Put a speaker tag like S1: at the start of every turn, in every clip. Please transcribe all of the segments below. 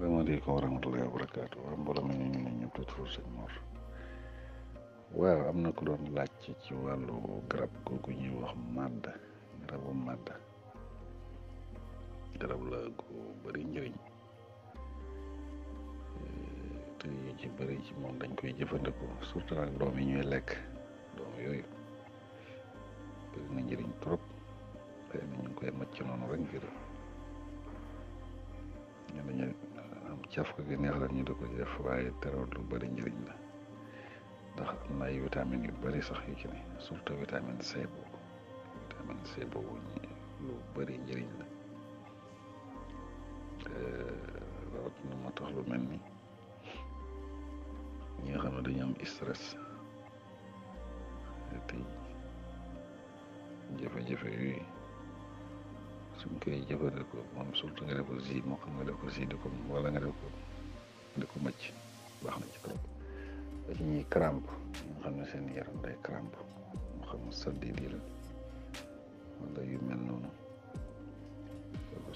S1: Assalamu alaikum warahmatullahi wabarakatuh mbooloo mi ñu ne ñëpp tuur sëñ Mor waaw am na ko doon grab ci wàllu garab googu ñuy wax màdd garabu màdd garab la gu bari njëriñ te yu ci bari ci moom dañ koy surtout doom yi ñuy doom caf ko gi neex la ñu di ko def waaye terewul lu bëri njëriñ la ndax am na yu bëri sax yu ci ne surtout vitamine C boobu vitamine lu bëri njëriñ la rawatina euh, ma tax lu mel ni ñi nga xam ne dañu stress te jafe su koy jëfandikoo moom surtout nga def ko moo xam nga def ko si ko wala nga def ko di baax na ci trop ba ci ñuy crampe seen yaram day crampe moo xam sàddi di wala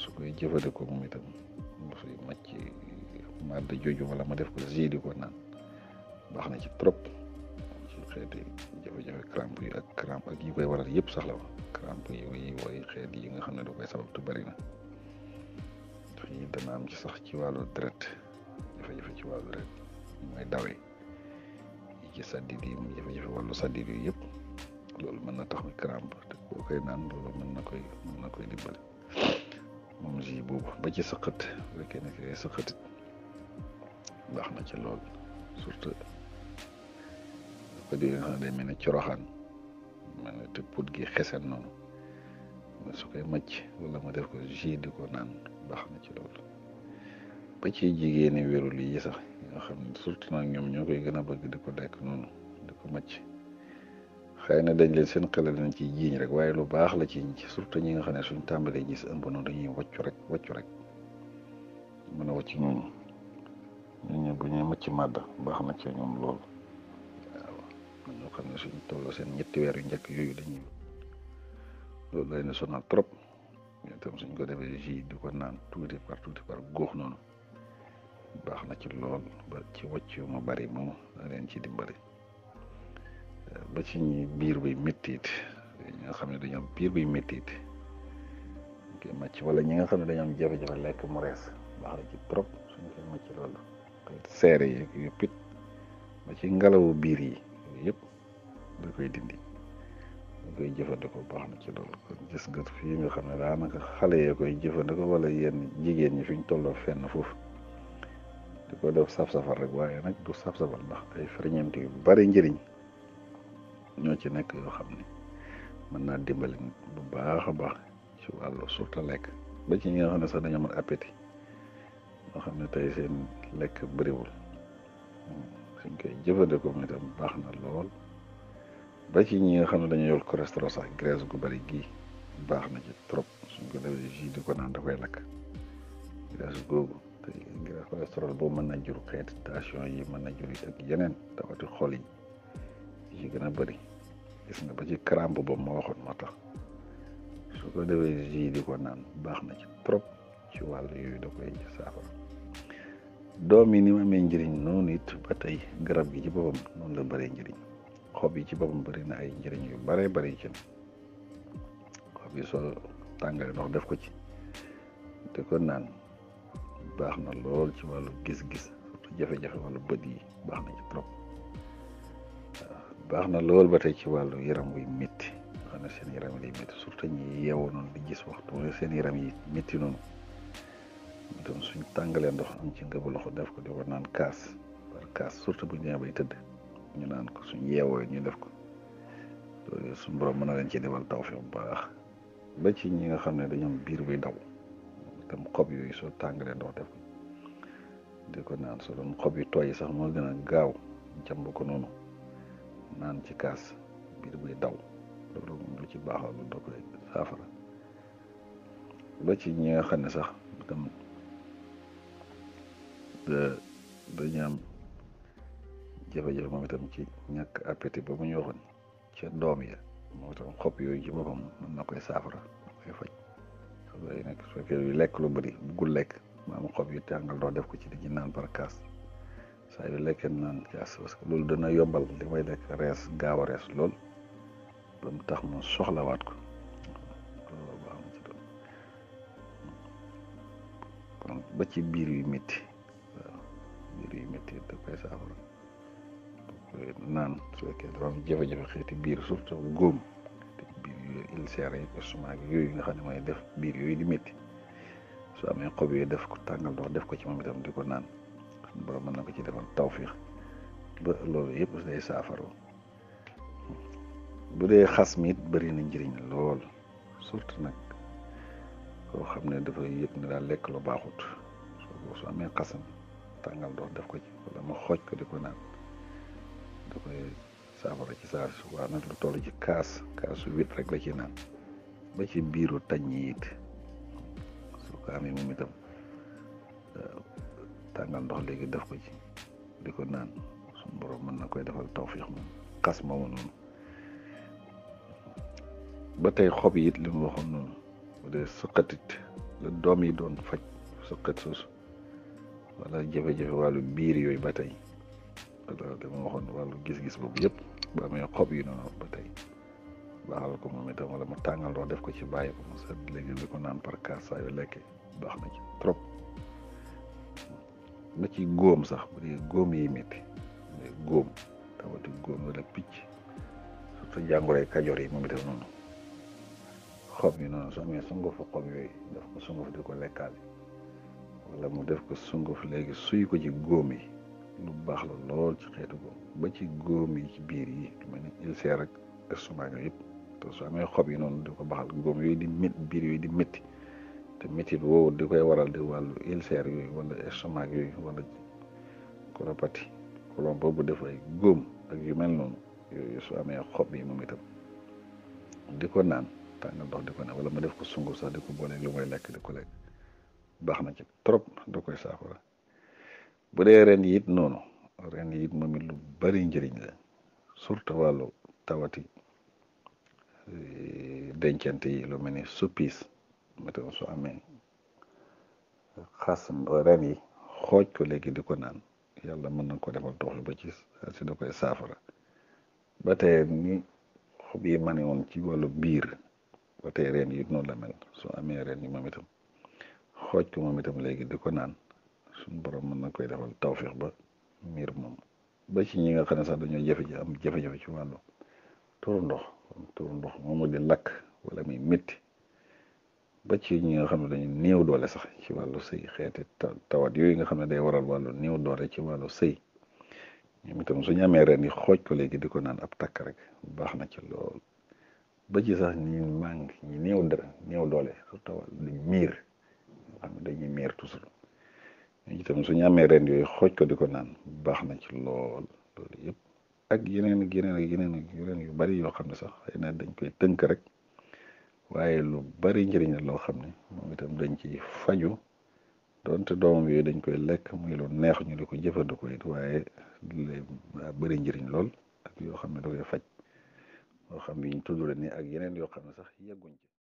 S1: su koy jëfandikoo moom itam mu ma jooju wala ma def ko si di ko naan baax na ci trop ci xeeti jafe yi ak crampe ak yi koy waral yëpp saxla la rampe yi muy woy xeet yi nga xam ne da koy sababtu bëri na dafay dana am ci sax ci wàllu deret jafe ci wàllu deret mooy dawe yi ci sàddit yi mu jafe-jafe wàllu sàddit yi yëpp loolu mën na tax muy crampe te boo koy naan loolu mën na koy mën na moom ji ba ci sëqët fekkee ne kay sëqëtit baax na ci lool surtout ko di nga xam ne day mel ne coroxaan mel te put gi xesen noonu su koy macc wala ma def ko jus di ko naan baax na ci loolu ba ci jigéeni wérul yi sax yoo xam surtout nag ñoom ñoo koy gën a bëgg di ko lekk noonu di ko macc xëy na dañ leen seen xelal leen ci jiiñ rek waaye lu baax la ci surtout ñi nga xam ne suñ tàmbalee gis ëmb noonu dañuy wàccu rek wàccu rek mën a wàcc ñooñu ñooñu bu ñuy macc màdd baax na ci ñoom loolu ñoo xam ne suñ toll seen ñetti weer yu njëkk yooyu dañuy loolu lay na sonal trop ñu tam suñ ko defee ji di ko naan tuuti par tuuti par góox noonu baax na ci lool ba ci wàcc yu ma bari moom da leen ci dimbali ba ci ñi biir bi mettit ñi nga xam ne dañoo am biir bay méttiit koy màcc wala ñi nga xam ne dañoo am jafe-jafe lekk mu rees baax na ci trop suñ koy màcc loolu seere yeeg yëpp it ba ci ngalawu biir yi yépp da koy dindi da koy jëfandikoo baax na ci loolu kon gis nga fii nga xam ne daanaka xale yee ya koy jëfandikoo wala yenn jigéen ñi fi ñu tolloo fenn foofu di ko def saf safar rek waaye nag du saf-safal ndax ay ferñeent yu bari njëriñ ñoo ci nekk yoo xam ne mën naa dimbali bu baax a baax ci wàllu surta lekk ba ci ñi nga xam ne sax dañoo mën appétit ñoo xam ne tey seen lekk bëriwul suñ jëfandikoo moom itam baax na lool ba ci ñi nga xam ne dañu yor cholestérol sax graisse gu bari gii baax na trop suñ ko defee jus di ko naan da googu te graisse mën na jur xeeti tension yi mën na jur yi ak yeneen tawati xol yi yi gën a bëri gis nga ba ci crampe boobu ma waxoon moo tax su ko defee jus di ko naan baax na ci trop ci wàll yooyu da koy doom yi ni mu amee njëriñ noonu it ba tey garab gi ci boppam noon la bëree njëriñ xob yi ci boppam bëri na ay njëriñ yu bëree bëri ci xob yi soo tàngalee ndox def ko ci te ko naan baax na lool ci wàllu gis-gis surtout jafe-jafe wàllu bët yi baax ci trop baax na lool ba tey ci wàllu yaram wi metti xam ne seen yaram yi day métti surtout seen yaram yi metti noonu. doon suñ tàngalee ndox am ci ngëbu loxo def ko di ko naan kaas par kaas surtout bu ñu bay tëdd ñu naan ko suñ yeewoo ñu def ko loolu suñ borom mën na leen ci defal taw fi bu baax ba ci ñi nga xam ne dañoo biir buy daw tam xob yooyu soo tàngalee ndox def ko naan soo doon xob yu tooy sax moo gën a gaaw jàmb ko noonu ci kaas biir buy daw loolu moom lu ci baaxal lu ba ci ñi nga xam ne sax da dañu jafe-jafe moom itam ci ñàkk appétit ba mu ñu waxoon ca doom yi moo itam xob yooyu ci boppam mën na koy saafara koy faj xob yooyu lekk lu bëri buggul lekk ma xob yu tàngal ndox def ko ci dañuy naan par kaas saa yu lekkee naan kaas parce que loolu dana yombal li may lekk rees gaaw a rees lool ba mu tax mu soxlawaat ko loolu baax na ba ci biir yu métti xeeti métti da koy saafara naan su fekkee dafa am jafe xeeti biir surtout góom te biir yooyu ulcère yi estomac yooyu xam ne mooy def biir di métti su amee xob yooyu def ko tàngal ndox def ko ci moom itam di naan xam borom mën na ko ci defal tawfiix ba loolu yëpp day saafaro bu dee xas mi it bëri na njëriñ lool nag koo xam ne dafa yëg ne lekk lu baaxut soo amee xasam tàngal ndox def ko ci wala ma xooj ko di ko naan da koy saafara ci saa su waa nag lu toll kaas wit rek la ci naan ba ci biiru taññi it su ko moom itam eh, tàngal ndox léegi def ko ci di ko naan suñu borom mën na koy defal tawfiix moom xas moomu noonu ba tey xob yi it li mu waxoon noonu la doom yi doon faj sëqat soosu wala jafe-jafe wàllu biir yooyu ba tey wala waxoon wàllu gis-gis boobu yëpp ba amee xob yu noonu ba tey baaxal ko moom itam wala mu tàngal ndox def ko ci bàyyi ko mu par kaas saa yu lekke baax na ci trop sax bu dee góom yi métti bu dee góom tawati góom wala picc surtout jàngoroy kajoor yi moom itam noonu xob yi noonu soo amee sungu fa xob yooyu def ko sungu di ko lekkaale wala def ko sunguf léegi suy ko ci góom yi lu baax la lool ci xeetu ba ci góom yi ci biir yi lu mel ni ulcère ak estomac yooyu yëpp amee xob yi noonu di ko baxal góom yooyu di mét biir yooyu di métti te métti woowu di koy waral di wàllu ulcère yooyu wala estomac yooyu wala colopathie colon boobu dafay góom ak yu mel noonu yooyu su amee xob yi moom itam di ko naan tàngal ndox di ko naan wala mu def ko sunguf sax di ko boole lu muy lekk ko lekk. baax na ci trop da koy saafara bu dee ren yit noonu ren yi it moom it lu bari njëriñ la surtout wàllu tawati eh, dencante yi lu mel ni suppiis météo su amee xas ren yi xooj ko léegi di ko naan yàlla mën na ko defal toxlu ba ci si da koy saafara ba tey ni xob yi ma ne woon ci wàllu biir ba tey reen yit noonu la mel su amee reen yi moom itam xooj ko moom itam léegi di ko naan suñu borom mën na koy defal tawfix ba miir moom ba ci ñi nga xam ne sax dañoo jafe ji am jafe ci wàllu tuur ndox tuur ndox moomu di lakk wala muy métti ba ci ñi nga xam ne dañu néew doole sax ci wàllu sëy xeeti tawat yooyu nga xam ne day waral wàllu néew doole ci wàllu sëy ñoom itam suñu amee ren yi xooj ko léegi di ko naan ab takk rek baax na ci lool ba ci sax ñi màng ñi néew dara néew doole di miir dañ ne dañuy miir toujours itam suñu amee ren yooyu xooj ko di ko naan baax na ci lool loolu yëpp ak yeneen ak yeneen ak yeneen ak yeneen yu bari yoo xam ne sax xëy na dañ koy tënk rek waaye lu bari njëriñ la loo xam ne moom itam dañ ciy faju donte doomam yooyu dañ koy lekk muy lo neex ñu di ko jëfandikoo it waaye bari njëriñ lool ak yoo xam ne da koy faj yoo xam ne ak yeneen yoo xam ne sax yegguñ ci